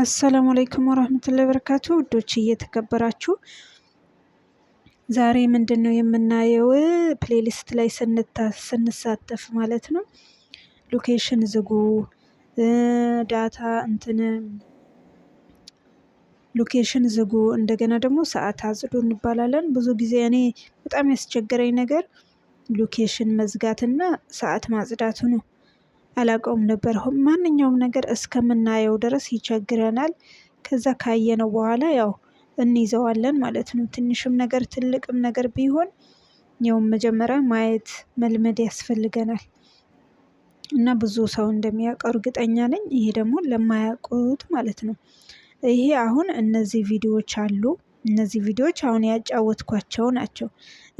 አሰላሙ አለይኩም ወራህመቱላሂ ወበረካቱ ውዶች፣ እየተከበራችሁ ዛሬ ምንድን ነው የምናየው? ፕሌሊስት ላይ ስንሳተፍ ማለት ነው። ሎኬሽን ዝጉ፣ ዳታ እንትን፣ ሎኬሽን ዝጉ፣ እንደገና ደግሞ ሰዓት አጽዱ እንባላለን። ብዙ ጊዜ እኔ በጣም ያስቸገረኝ ነገር ሎኬሽን መዝጋትና ሰዓት ማጽዳቱ ነው። አላውቀውም ነበር። ማንኛውም ነገር እስከምናየው ድረስ ይቸግረናል። ከዛ ካየነው በኋላ ያው እንይዘዋለን ማለት ነው። ትንሽም ነገር ትልቅም ነገር ቢሆን ያውም መጀመሪያ ማየት መልመድ ያስፈልገናል እና ብዙ ሰው እንደሚያውቀው እርግጠኛ ነኝ። ይሄ ደግሞ ለማያውቁት ማለት ነው። ይሄ አሁን እነዚህ ቪዲዮዎች አሉ እነዚህ ቪዲዮዎች አሁን ያጫወትኳቸው ናቸው።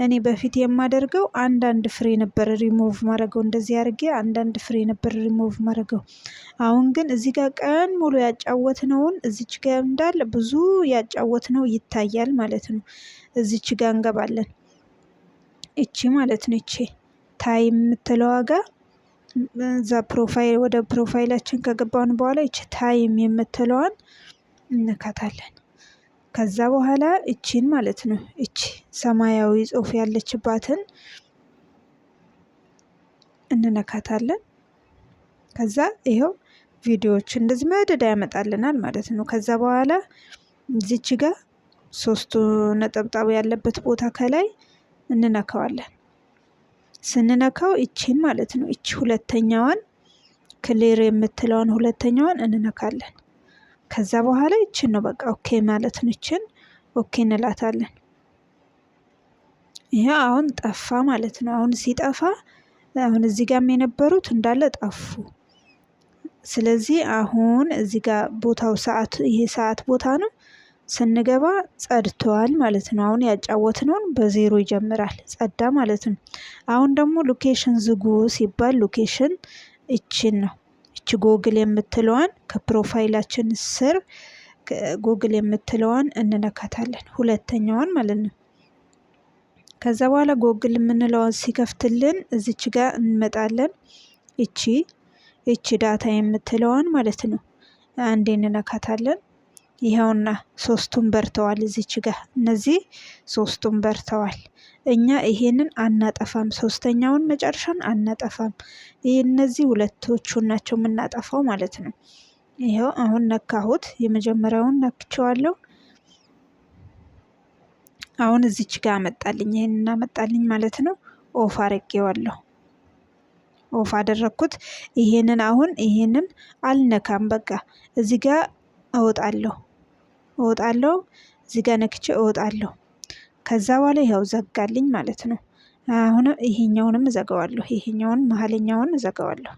እኔ በፊት የማደርገው አንዳንድ ፍሬ ነበር ሪሞቭ ማድረገው፣ እንደዚህ አድርጌ አንዳንድ ፍሬ ነበር ሪሞቭ ማድረገው። አሁን ግን እዚህ ጋር ቀን ሙሉ ያጫወትነውን እዚች ጋ እንዳለ ብዙ ያጫወትነው ይታያል ማለት ነው። እዚች ጋ እንገባለን። እቺ ማለት ነው እቺ ታይ የምትለዋ ጋር እዛ ፕሮፋይል ወደ ፕሮፋይላችን ከገባን በኋላ ይች ታይም የምትለዋን እንካታለን። ከዛ በኋላ እቺን ማለት ነው እቺ ሰማያዊ ጽሁፍ ያለችባትን እንነካታለን። ከዛ ይኸው ቪዲዮዎች እንደዚህ መደዳ ያመጣልናል ማለት ነው። ከዛ በኋላ እዚች ጋር ሶስቱ ነጠብጣብ ያለበት ቦታ ከላይ እንነካዋለን። ስንነካው እቺን ማለት ነው እቺ ሁለተኛዋን ክሌር የምትለዋን ሁለተኛዋን እንነካለን። ከዛ በኋላ ይችን ነው በቃ ኦኬ ማለት ነው። ይችን ኦኬ እንላታለን። ይሄ አሁን ጠፋ ማለት ነው። አሁን ሲጠፋ አሁን እዚህ ጋም የነበሩት እንዳለ ጠፉ። ስለዚህ አሁን እዚህ ጋር ቦታው ሰዓት ይሄ ሰዓት ቦታ ነው። ስንገባ ጸድተዋል ማለት ነው። አሁን ያጫወትነውን በዜሮ ይጀምራል። ጸዳ ማለት ነው። አሁን ደግሞ ሎኬሽን ዝጉ ሲባል ሎኬሽን ይችን ነው ይች ጎግል የምትለዋን ከፕሮፋይላችን ስር ጎግል የምትለዋን እንነካታለን። ሁለተኛዋን ማለት ነው። ከዛ በኋላ ጎግል የምንለዋን ሲከፍትልን እዚች ጋር እንመጣለን። እቺ እቺ ዳታ የምትለዋን ማለት ነው። አንዴ እንነካታለን። ይኸውና ሶስቱም በርተዋል። እዚች ጋ እነዚህ ሶስቱም በርተዋል። እኛ ይሄንን አናጠፋም፣ ሶስተኛውን መጨረሻን አናጠፋም። ይህ እነዚህ ሁለቶቹን ናቸው የምናጠፋው ማለት ነው። ይኸው አሁን ነካሁት፣ የመጀመሪያውን ነክቸዋለሁ። አሁን እዚች ጋ አመጣልኝ፣ ይህን እናመጣልኝ ማለት ነው። ኦፍ አረጌዋለሁ። ኦፍ አደረግኩት። ይሄንን አሁን ይሄንን አልነካም። በቃ እዚህ ጋር አወጣለሁ። እወጣለሁ። እዚህ ጋር ነክቼ እወጣለሁ። ከዛ በኋላ ያው ዘጋልኝ ማለት ነው። አሁን ይሄኛውንም ዘጋዋለሁ ይሄኛውን መሀለኛውን ዘጋዋለሁ።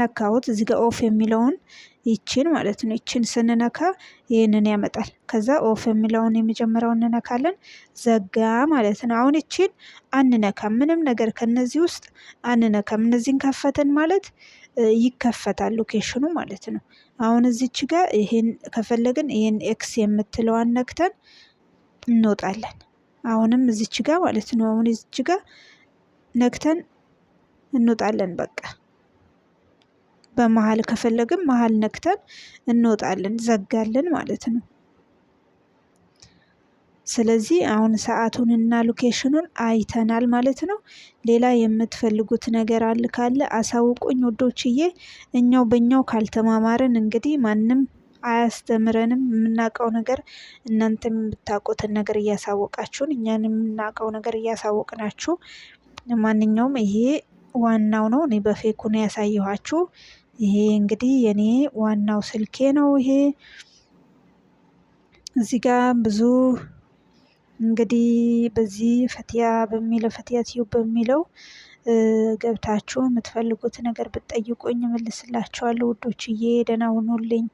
ነካሁት። እዚህ ጋር ኦፍ የሚለውን ይችን ማለት ነው። ይችን ስንነካ ይህንን ያመጣል። ከዛ ኦፍ የሚለውን የመጀመሪያው እንነካለን። ዘጋ ማለት ነው። አሁን ይችን አንነካ፣ ምንም ነገር ከነዚህ ውስጥ አንነካም። እነዚህን ከፈትን ማለት ይከፈታል ሎኬሽኑ ማለት ነው። አሁን እዚች ጋ ይህን ከፈለግን ይህን ኤክስ የምትለዋን ነክተን እንወጣለን። አሁንም እዚች ጋ ማለት ነው አሁን እዚች ጋ ነክተን እንወጣለን። በቃ በመሀል ከፈለግን መሃል ነክተን እንወጣለን ዘጋለን ማለት ነው። ስለዚህ አሁን ሰዓቱንና ሎኬሽኑን አይተናል ማለት ነው። ሌላ የምትፈልጉት ነገር አለ ካለ አሳውቁኝ ውዶችዬ። እኛው በእኛው ካልተማማርን እንግዲህ ማንም አያስተምረንም። የምናውቀው ነገር እናንተ የምታውቁትን ነገር እያሳወቃችሁን እኛን የምናውቀው ነገር እያሳወቅናችሁ ማንኛውም ይሄ ዋናው ነው። እኔ በፌኩ ነው ያሳየኋችሁ። ይሄ እንግዲህ የኔ ዋናው ስልኬ ነው። ይሄ እዚህ ጋር ብዙ እንግዲህ በዚህ ፈትያ በሚለው ፈትያ ቲዩብ በሚለው ገብታችሁ የምትፈልጉት ነገር ብትጠይቁኝ እመልስላችኋለሁ ውዶችዬ። ደህና ሁኑልኝ።